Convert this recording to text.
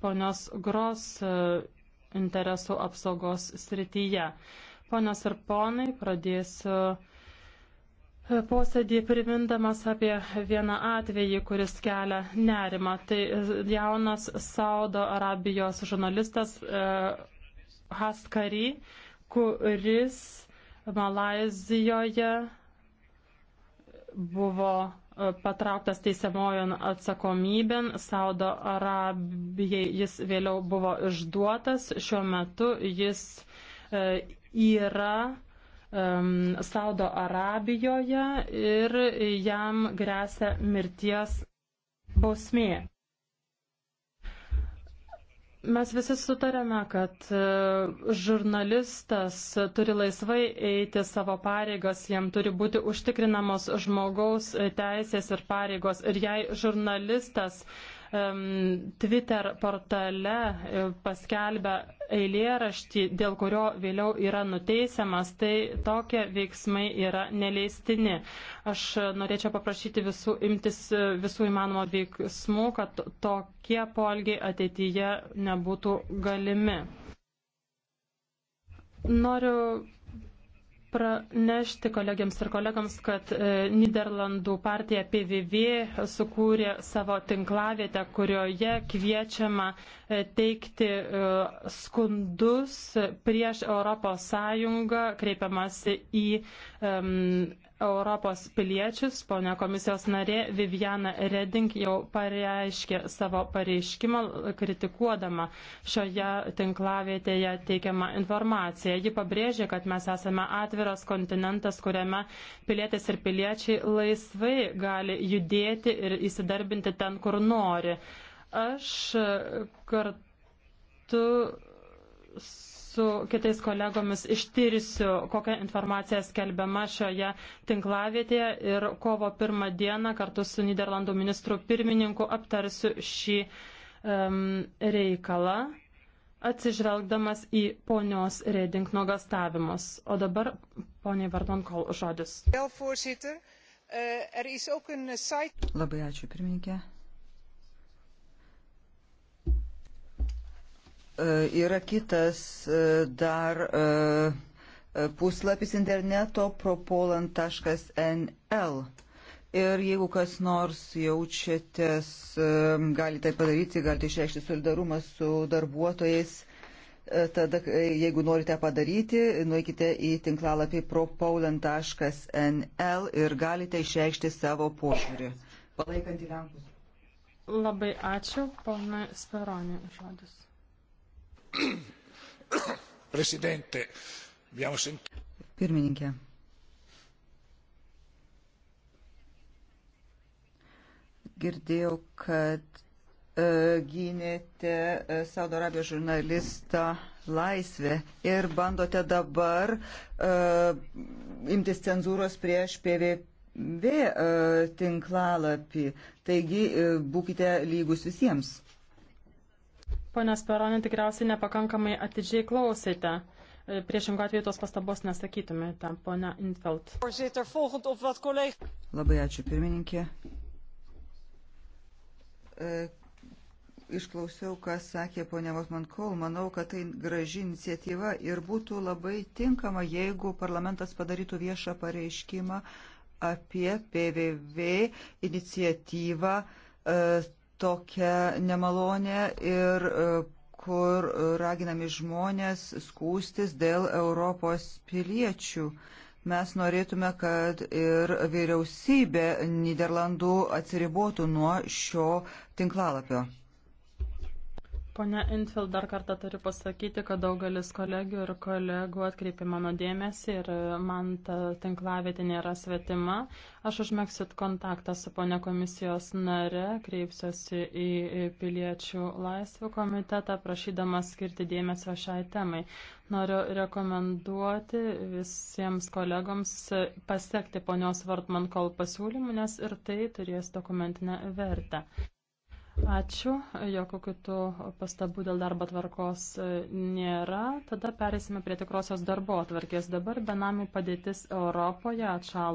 ponios Gros e, interesų apsaugos srityje. Ponios ir ponai, pradėsiu e, posėdį primindamas apie vieną atvejį, kuris kelia nerimą. Tai e, jaunas Saudo Arabijos žurnalistas Haskari, kuris Malazijoje buvo patrauktas teisiamojon atsakomybėn. Saudo Arabijai jis vėliau buvo išduotas. Šiuo metu jis e, yra Saudo Arabijoje ir jam grėsia mirties bausmė. Mes visi sutarėme, kad e, žurnalistas e, turi laisvai eiti savo pareigas, jam turi būti užtikrinamos žmogaus e, teisės ir pareigos. Ir jei žurnalistas Twitter portale e, paskelbia eilėraštį, dėl kurio vėliau yra nuteisiamas, tai tokie veiksmai yra neleistini. Aš norėčiau paprašyti visų imtis e, visų įmanomo veiksmų, kad tokie polgiai ateityje nebūtų galimi. Noriu pranešti kolegiams ir kolegams, kad e, Niderlandų partija PVV sukūrė savo tinklavietę, kurioje kviečiama e, teikti e, skundus prieš Europos Sąjungą, kreipiamasi į um, Europos piliečius, ponia komisijos narė Viviana Reding jau pareiškė savo pareiškimą kritikuodama šioje tinklavietėje teikiamą informaciją. Ji pabrėžė, kad mes esame atviras kontinentas, kuriame pilietės ir piliečiai laisvai gali judėti ir įsidarbinti ten, kur nori. Aš kartu su kitais kolegomis ištirsiu, kokia informacija skelbiama šioje tinklavietėje ir kovo pirmą dieną kartu su Niderlandų ministru pirmininku aptarsiu šį um, reikalą, atsižvelgdamas į ponios Reding nuogastavimus. O dabar poniai Vardon kol žodis. Eh, er Labai ačiū, pirmininkė. E, yra kitas e, dar e, puslapis interneto propolant.nl. Ir jeigu kas nors jaučiatės, galite tai padaryti, galite išreikšti solidarumą su darbuotojais, tada jeigu norite padaryti, nueikite į tinklalapį propoland.nl ir galite išreikšti savo požiūrį. Palaikant į Lenkus. Labai ačiū, ponai Speroni, žodis. Presidente, abbiamo sentito. Pirmininkė. Girdėjau, kad e, gynėte e, Saudo Arabijos žurnalistą laisvę ir bandote dabar e, imtis cenzūros prieš PVP V e, tinklalapį. Taigi e, būkite lygus visiems. Pone Speronė, tikriausiai nepakankamai atidžiai klausėte. E, priešingų atveju tos pastabos nesakytumėte, pone Infeld. Labai ačiū, pirmininkė. E, išklausiau, ką sakė ponia Votman Kol. Manau, kad tai graži iniciatyva ir būtų labai tinkama, jeigu parlamentas padarytų viešą pareiškimą apie PVV iniciatyvą e, tokia nemalonė ir e, kur raginami žmonės skūstis dėl Europos piliečių. Mes norėtume, kad ir vyriausybė Niderlandų atsiribotų nuo šio tinklalapio. Pone Infeld dar kartą turiu pasakyti, kad daugelis kolegių ir kolegų atkreipė mano dėmesį ir man ta tinklavietė nėra svetima. Aš užmėgsiu kontaktą su pone komisijos nare, kreipsiuosi į piliečių laisvių komitetą, prašydama skirti dėmesio šiai temai. Noriu rekomenduoti visiems kolegoms pasiekti ponios Vartman kol pasiūlymų, nes ir tai turės dokumentinę vertę. Ačiū, jokių kitų pastabų dėl darbo tvarkos e, nėra. Tada perėsime prie tikrosios darbo atvarkės. Dabar benamių padėtis Europoje atšalo.